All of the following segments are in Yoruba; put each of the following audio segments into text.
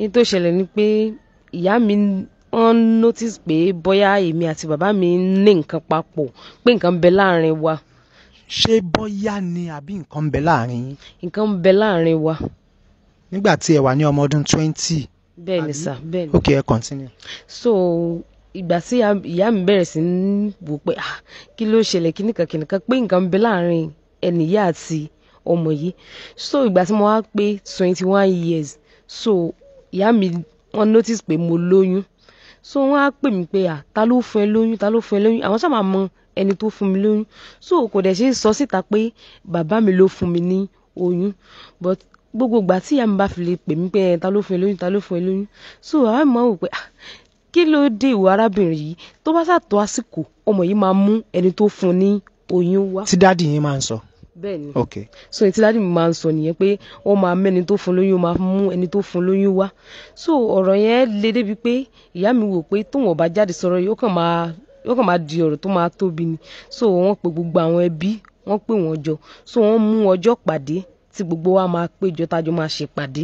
yín tó ṣẹlẹ̀ ni pé ìyá mi wọ́n notice pé bóyá èmi àti bàbá mi ń ní nǹkan papọ̀ pé nǹkan bẹ láàrin wa. ṣé bóyá ni àbí nǹkan ń bẹ láàrin yín. nǹkan ń bẹ láàrin wa. nígbà tí ẹ wà ní ọmọ ọdún twenty. bẹ́ẹ̀ ni sà Okay, ni. ẹ continue. so ìgbà tí ìyá mi bẹ̀rẹ̀ sí ń wò pé ah, kí ló ṣẹlẹ̀ kíníkan kíníkan pé nǹkan bẹ láàrin ẹnìyá àti ọmọ yìí so ìgbà tí mo wá pé twenty one years so ìyá mi wọ́n notice pé mo lóyún so wọ́n á pè mí pé à ta ló fún ẹ lóyún ta ló fún ẹ lóyún àwọn ṣáà mọ ẹni tó fún mi lóyún so kò dẹ̀ ṣe é sọ síta pé bàbá mi ló fún mi ní oyún but gbogbo ìgbà tí ìyá mi bá fi lè pè mí pé ta ló fún ẹ lóyún ta ló fún ẹ lóyún so bàbá mi máa wò pé kí ló dé ìwà arábìnrin yìí tó bá ṣàtọ́ àsìkò ọmọ yìí máa mú ẹni tó fún ní oyún wá. tí dáàdì yín máa ń sọ bẹ́ẹ̀ni ok so ètí dádì mi máa ń sọ nìyẹn pé wọn máa mẹ́ni tó fún lóyún máa mú ẹni tó fún lóyún wá so ọ̀rọ̀ yẹn le débi pé ìyá mi wò pé tóun ọba jáde sọ̀rọ̀ yìí ó kàn máa ó kàn máa di ọ̀rọ̀ tó máa tóbi ni so wọ́n pe gbogbo àwọn ẹbí wọ́n pè wọ́n jọ so wọ́n mú ọjọ́ pàdé tí gbogbo wa máa péjọ tájọ máa ṣèpàdé.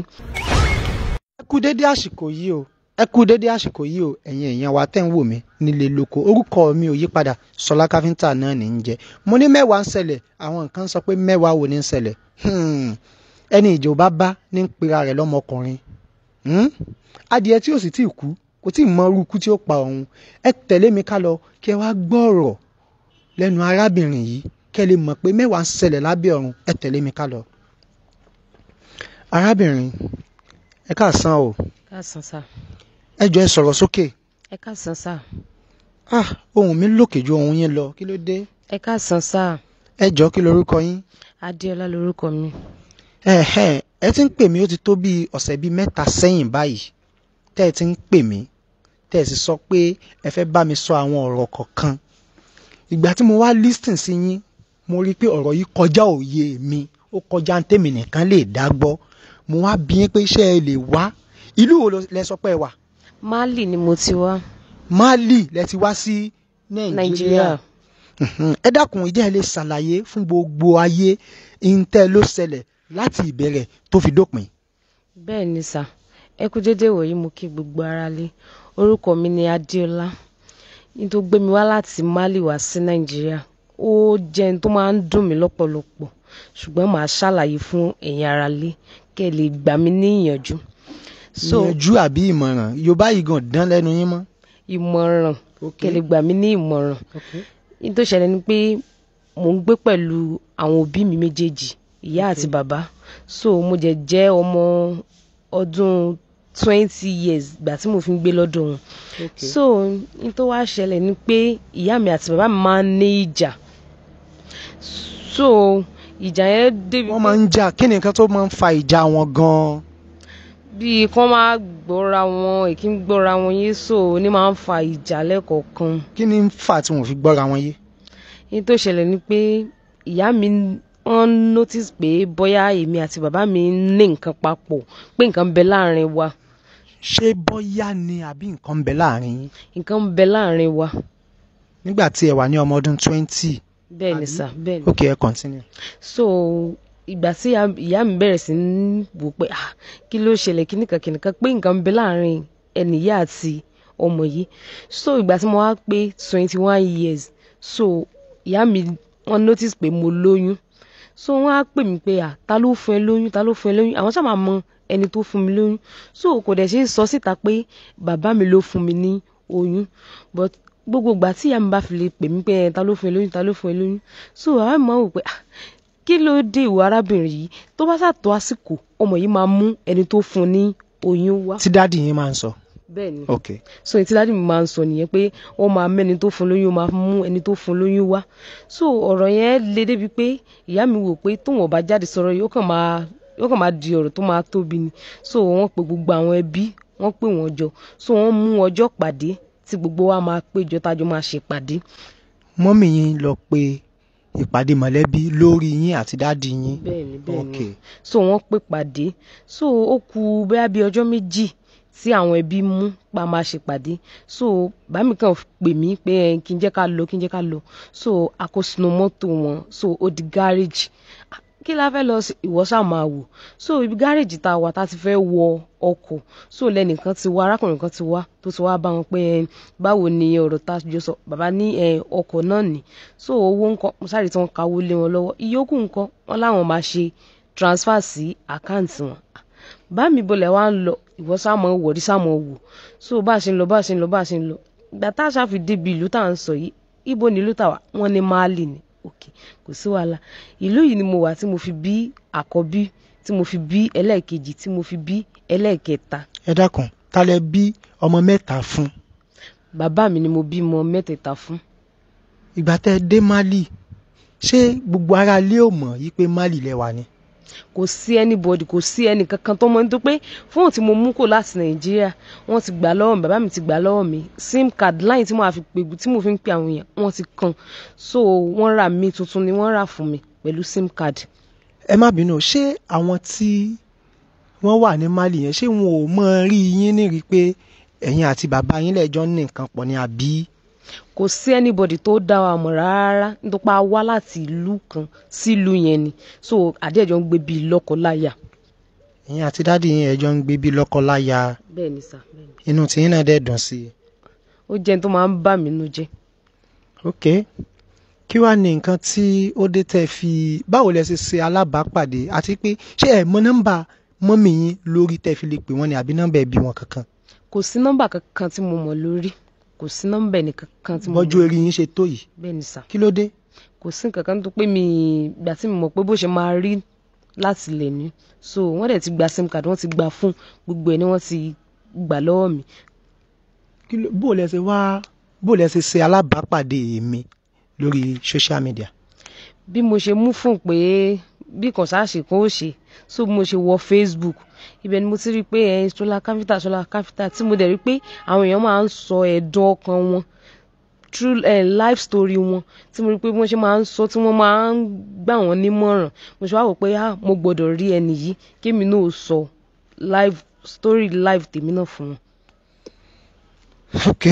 ẹ kú dédé àsìkò yìí o ẹ kú dédé àsìkò yìí o ẹ̀yin èèyàn wa tẹ́ ń wò mí nílé lóko orúkọ mi ò yípadà sọlá káfíńtà náà ní í jẹ mo ní mẹ́wàá ń ṣẹlẹ̀ àwọn nǹkan sọ pé mẹ́wàá wo ní ń ṣẹlẹ̀ hmm, ẹni ìjọba bá ní ń pera rẹ̀ lọ́mọkùnrin hmm, adìẹ tí ò sì tí ì kú kò tí ì mọ irú ikú tí ó pa òun ẹ tẹ̀lé mi ká lọ kí ẹ wá gbọ́ lẹ́nu arábìnrin yìí kẹ́ lè mọ̀ pé mẹ́wàá ń ṣẹlẹ̀ lábẹ́ ọ̀run ẹ tẹ̀lé mi ká lọ. arábìnrin ẹ káàsán o. káàsán sá. ẹ jọ ẹ sọ̀rọ̀ sókè. ẹ káàsán sá. ah ohùn mi lókè ju ohùn yín lọ kí ló dé. ẹ káàsán sá. ẹ jọ kí lorúkọ yín. adéọlá lorúkọ mi. ẹ ẹ ẹ ti ń pè mí ó ti tó bíi ọ̀sẹ̀ bíi mẹ́ta sẹ́yìn báyìí tẹ́ ẹ ti ń pè mí tẹ́ ẹ sì sọ pé ẹ fẹ́ bá mi sọ àwọn ọ̀rọ̀ kọ̀ọ̀kan ìgbà tí mo wá listen sí yín mo rí i pé ọ̀rọ̀ yìí kọjá òye mi ó kọjá tèmi nìkan lè dá gbọ́ mo wá bí yín pé iṣẹ́ ẹ lè wá ìlú wo lẹ sọ pé ẹ wà. Mali ni mo ti wá. Mali lẹ ti wá sí Nàìjíríà ẹ dákun ìjẹ́ ẹ lè ṣàlàyé fún gbogbo ayé ìǹtẹ́ ló ṣẹlẹ̀ láti ìbẹ̀rẹ̀ tó fi dópin. bẹ́ẹ̀ ni sà ẹ kú déédéé wòyí mo kí gbogbo ara lé orúkọ mi ni Adéọlá ní tó gbé mi wá láti Mali wá sí Nàìjíríà ó jẹ́ ní tó máa ń dùn mí lọ́pọ̀lọpọ̀ ṣùgbọ́n màá ṣàlàyé fún ẹ̀yin ara lé kẹ́ lè gbà mí ní ìyànjú. ìyànjú àbí ìmọ̀ràn yorùbá yìí gan dán lẹ́nu yín mọ́. ìmọ̀ràn kẹ́ lè gbà mí ní ìmọ̀ràn. ní tó ṣẹlẹ̀ ni pé mò ń gbé pẹ̀lú àwọn òbí mi méjèèjì ìyá àti bàbá so mo jẹ jẹ́ ọmọ ọdún twenty years gbà tí mo fi ń gbé lọ́dọ̀ wọn. so n tó wá ṣẹlẹ̀ ni pé ìyá mi àti bàbá mi máa ń ní ìjà. so ìjà yẹn débi. wọ́n máa ń jà kí ni nǹkan tó máa ń fa ìjà wọn gan-an. bíi kán máa gbọ́ra wọn èkí ń gbọ́ra wọn yé so ní máa ń fa ìjà lẹ́kọ̀ọ̀kan. kí ni ń fà tí wọ́n fi gbọ́ra wọn yé. ní tó ṣẹlẹ̀ ni pé ìyá mi wọ́n notice pé bóyá èmi àti bàbá mi ní nǹkan papọ̀ pé nǹkan ń bẹ láàrin wa. ṣé bóyá ni àbí nǹkan ń bẹ láàrin yín. nǹkan ń bẹ láàrin wa. nígbà tí ẹ wà ní ọmọ ọdún twenty bẹ́ẹ̀ ni sà bẹ́ẹ̀ ni. ok continue. so ìgbà tí ìyá mi bẹ̀rẹ̀ sí ń wò pé ah kí ló ṣẹlẹ̀ kíníkan kíníkan pé nǹkan ń bẹ láàrin ẹnì yá àti ọmọ yìí so ìgbà tí mo wá pé twenty one years so ìyá mi wọ́n notice pé mo lóyún so wọ́n á pè mí pé ah ta ló fún ẹ lóyún ta ló fún ẹ lóyún àwọn sábà mọ ẹni tó fún mi lóyún so kò dẹ̀ ṣe é sọ síta pé bàbá mi ló fún mi ní oyún but gbogbo ìgbà tí ìyá mi bá fi lè pè mí pé ta ló fún ẹ lóyún ta ló fún ẹ lóyún so àwọn ìmọ̀ wò pé ah, kí ló dé ìwà arábìnrin yìí tó bá ṣàtọ́ àsìkò ọmọ yìí máa mú ẹni tó fún ní oyún wá. tí dáàdì yín máa ń sọ. bẹ́ẹ̀ni ok so tí dáàdì mi máa ń sọ nìyẹn pé wọn máa mẹni tó fún lóyún máa mú ẹni tó fún lóyún wá so ọ̀rọ̀ yẹn le débi pé ìyá mi wò pé tóun ọba jáde sọ̀rọ̀ yóò kàn máa di ọ̀rọ̀ tó máa tóbi ni so wọ́n pe gbogbo àwọn ẹbí wọ́n pè wọ́n jọ so wọ́n mú ọjọ́ pàdé tí gbogbo wa máa péjọ tájọ máa ṣèpàdé. mọ́mì yín lọ pe ìpàdé mọ̀lẹ́bí lórí yín àti dáàdi yín. bẹ́ẹ̀ni bẹ́ẹ̀ni so wọ́n pè pàdé so ó kù bóyá bíi ọjọ́ méjì tí àwọn ẹbí mú pa máa ṣèpàdé so bàmí kan pè mí pé kí n jẹ́ ká lọ kí n jẹ́ ká lọ so a kó mọ́tò wọn so ó di gáréjì kí la fẹ́ lọ sí máa wò so ibi gáréèjì tá a wà tá a ti fẹ́ wọ ọkọ̀ so lẹ́nìkan ti wá arákùnrin kan ti wá tó ti wá bá wọn pé báwo ni ọ̀rọ̀ tá a jọ sọ bàbá ní ọkọ̀ náà ni so owó ńkọ́ mo sáré tí wọ́n kawó lé wọn lọ́wọ́ ìyókù ńkọ́ wọn láwọn máa ṣe transfer sí àkáǹtì wọn bá mi bọlẹ̀ wá ń lọ ìwọ ṣáà máa wọ̀rí ṣáà wò so bá a ṣe ń lọ bá a ṣe ń lọ bá a ṣe ń lọ gbàtà tá à ń òkè kò sí wàhálà ìlú yìí ni mo wà tí mo fi bí àkọ́bí tí mo fi bí ẹlẹ́ẹ̀kejì tí mo fi bí ẹlẹ́ẹ̀kẹta. ẹ dákun ta lẹ bí ọmọ mẹ́ta fún. bàbá mi ni mo bí ọmọ mẹ́tẹ̀ẹ̀ta fún. ìgbà tẹ dé Mali ṣé gbogbo aráalé ò mọ̀ yí pé Mali lẹ ni kò sí anybody kò sí ẹnì kankan tó mọ ní tó pé fóònù tí mo mú kò láti nàìjíríà wọ́n ti gbà lọ́wọ́ mi bàbá mi ti gbà lọ́wọ́ mi sim card line tí mo fi pè tí mo fi ń pe àwọn èèyàn wọ́n ti kan so wọ́n ra mi tuntun ni wọ́n rà fún mi pẹ̀lú sim card. ẹ má bínú ṣé àwọn tí wọ́n wà ní mali yẹn ṣé wọn ò mọ rí yín ní rí pé ẹ̀yin àti bàbá yín lẹ́jọ́ ní nǹkan pọ̀ ní àbí kò sí anybody tó dá wa mọ̀ rárá nítorí pé a wá láti ìlú kan sílùú yẹn ni so àdéhùn ń gbé bíi lọ́kọ-láya. ẹ̀yin àti dáàdi yín ẹ̀jọ́ ń gbé bíi lọ́kọ-láya. bẹ́ẹ̀ni sà. inú tiyín náà dẹ̀ dùn sí i. ó jẹ́ tó máa ń bà mí nú jẹ́. ok kí wàá ní nǹkan tí ó dé tẹ́ fi báwo lẹ ṣe ṣe alábàápàdé àti pé ṣé ẹ mọ nọ́mbà mọ́mì yín lórí tẹ́ fi lè pè wọ́n ni àbí nọ́mbà ẹbí wọn kankan. kò sí nọ́mbà kankan tí mo mọ̀ lórí kò sí nọ́mbà ẹnì kankan tí mo. bọ́jú eré ṣe tó yìí. bẹ́ẹ̀ ni sà. kí ló dé. kò sí nǹkan kan tó pé mi ìgbà tí mo mọ̀ pé bó ṣe máa rí láti lè ní so wọ́n dẹ̀ ti gba sim card wọ́n ti gba fún gbogbo ẹ̀ ni wọ́n ti gbà lọ́wọ́ mi. kí ló bó lẹ ṣe wá bó lẹ ṣe ṣe alábàápàdé mi lórí social media. bí mo ṣe mú fún pé. Pe bí kan ṣáàṣì kan ó ṣe so mo ṣe wọ Facebook ibẹ̀ ni mo ti rí i pé ẹ Sola Capital Sola Capital tí mo dẹ̀ rí i pé àwọn èèyàn máa ń sọ ẹ̀dùn ọkàn wọn true uh, life story wọn tí mo rí i pé wọ́n ṣe máa ń sọ tí wọ́n máa ń gbà wọ́n nímọ̀ràn mo ṣe wá wò pé ah mo gbọ́dọ̀ rí ẹni yìí kémi náà sọ life story life tèmi náà fún wọn. ok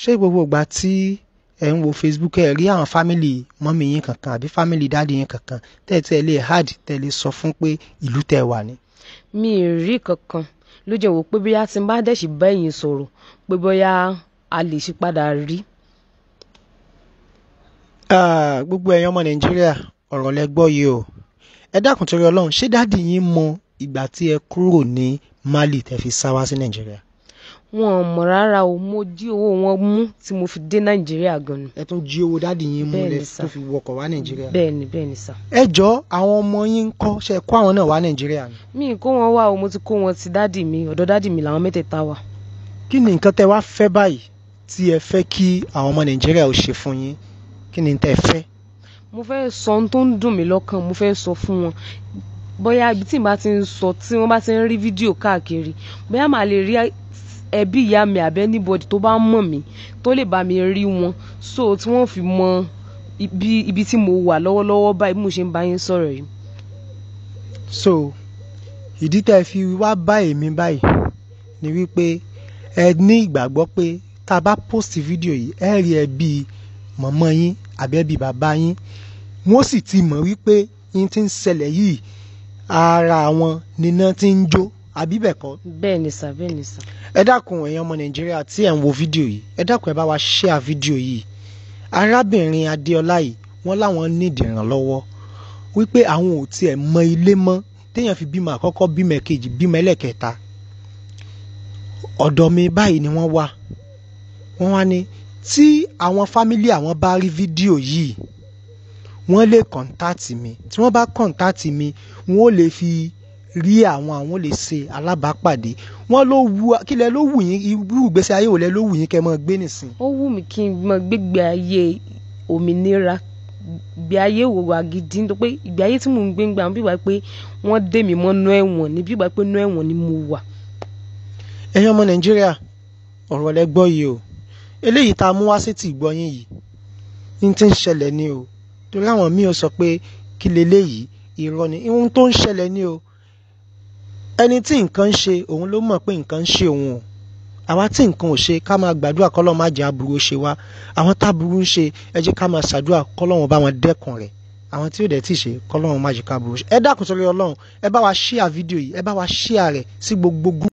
ṣé gbogbo ìgbà tí ẹ ń wo facebook ẹ rí àwọn fámìlì mọ́mì yín kankan àbí fámìlì dáàdì yín kankan tẹ́ tẹ́ lè hard tẹ́ lè sọ fún pé ìlú tẹ́ wà ní. mi ì rí kankan ló jẹ́ wò pé bóyá tí n bá dẹ̀sí bẹ́yìn sọ̀rọ̀ pé bóyá a lè ṣí padà rí. gbogbo ẹ̀yin ọmọ nàìjíríà ọ̀rọ̀ lẹ gbọ́ yìí o ẹ dákun torí ọlọ́run ṣé dáàdì yín mọ ìgbà tí ẹ kúrò ní mali tẹ́ fi sá wá sí nàìjíríà wọn ò mọ̀ rárá o mo jí owó wọn mú tí mo fi dé nàìjíríà gan ni. ẹ tún jí owó dáàdì yín mú lẹ tó fi wọkọ̀ wá nàìjíríà. bẹ́ẹ̀ni bẹ́ẹ̀ni sà. ẹ jọ àwọn ọmọ yín ń ṣe kó àwọn náà wá nàìjíríà mi kó wọn wá o mo ti kó wọn ti dáàdì mi ọ̀dọ̀ dáàdì mi làwọn mẹ́tẹ̀ẹ̀ta wà. kí ni nǹkan tẹ wá fẹ́ báyìí tí ẹ fẹ́ kí àwọn ọmọ nàìjíríà ò ṣe fún yín kí ni tẹ fẹ́. mo fẹ́ sọ ohun tó ń dùn mí lọ́kàn mo fẹ́ sọ fún wọn bóyá tí n bá ti ń sọ tí wọ́n bá ti ń rí fídíò káàkiri bóyá màá lè rí ẹbí ìyá mi àbí anybody tó bá mọ̀ mí tó lè bá mi rí wọn so tí wọ́n fi mọ ibi ibi tí mo wà lọ́wọ́lọ́wọ́ báyìí mo ṣe ń bá yín sọ̀rọ̀ yìí. so ìdí tẹ́ fi wá bá èmi báyìí ni wípé ẹ ní ìgbàgbọ́ pé tá a bá post fídíò yìí ẹ rí ẹbí mọ̀mọ́ yín àbí ẹbí bàbá yín wọ́n sì ti mọ̀ wípé yín ti ń ṣẹlẹ̀ yìí ara wọn níná ti ń jó àbí bẹ́ẹ̀ kọ́. bẹ́ẹ̀ ni sà bẹ́ẹ̀ ni sà. ẹ dákun ẹ̀yin ọmọ nàìjíríà tí ẹ̀ ń wo fídíò yìí ẹ dákun ẹ bá wa share fídíò yìí arábìnrin adéọlá yìí wọ́n láwọn nídìí ìrànlọ́wọ́ wípé àwọn ò tiẹ̀ mọ ilé mọ́ téèyàn fi bímọ àkọ́kọ́ bímọ ẹ̀kejì bímọ ẹlẹ́kẹta ọ̀dọ̀ mi báyìí ni wọ́n wà wọ́n wá ní tí àwọn fámílì àwọn bá rí fídíò yìí wọ́n lè kọ̀ǹtáàtì mi tí wọ́n bá kọ̀ǹtáàtì mi wọ́n ó lè fi rí àwọn àwọn lè ṣe alábàápàdé wọn ló wu kílẹ̀ ló wù yín irú ìgbésí ayé wo lẹ ló wù yín kẹ́ máa gbé nìsín. ó wù mí kí n máa gbégbé ayé òmìnira ìgbé ayé wò wá gidi nítorí pé ìgbé ayé tí mò ń gbé ń gbà wọn bí wàá pé wọ́n dè mí mọ́nú ẹ̀wọ̀n ni bí wàá pé nú ẹ̀wọ̀n ni mo wà. ẹ̀yin ọmọ nàìjíríà ọ̀rọ̀ lẹ gbọ́ yìí o eléyìí tá a mú wá sí ti gbọ́ yín yìí ní ti ń ṣẹlẹ̀ ni o torí àwọn míì ó sọ pé kí leléyìí irọ́ ni ohun tó ń ṣẹlẹ̀ ni o ẹni tí nǹkan ń ṣe òun ló mọ̀ pé nǹkan ń ṣe òun o àwa tí nǹkan ò ṣe ká máa gbàdúrà kọ́lọ́run má jẹ́ aburú ó ṣe wá àwọn táburú ń ṣe ẹ jẹ́ ká máa ṣàdúrà kọ́lọ́run bá wọn dẹ́kun rẹ̀ àwọn tí ò dẹ̀ tí ì ṣe kọ́lọ́run má jẹ́ ká burú ṣe ẹ dákun sórí ọlọ́run ẹ bá wa ṣíà fídíò yìí ẹ bá wa ṣíà rẹ̀ sí gbogbo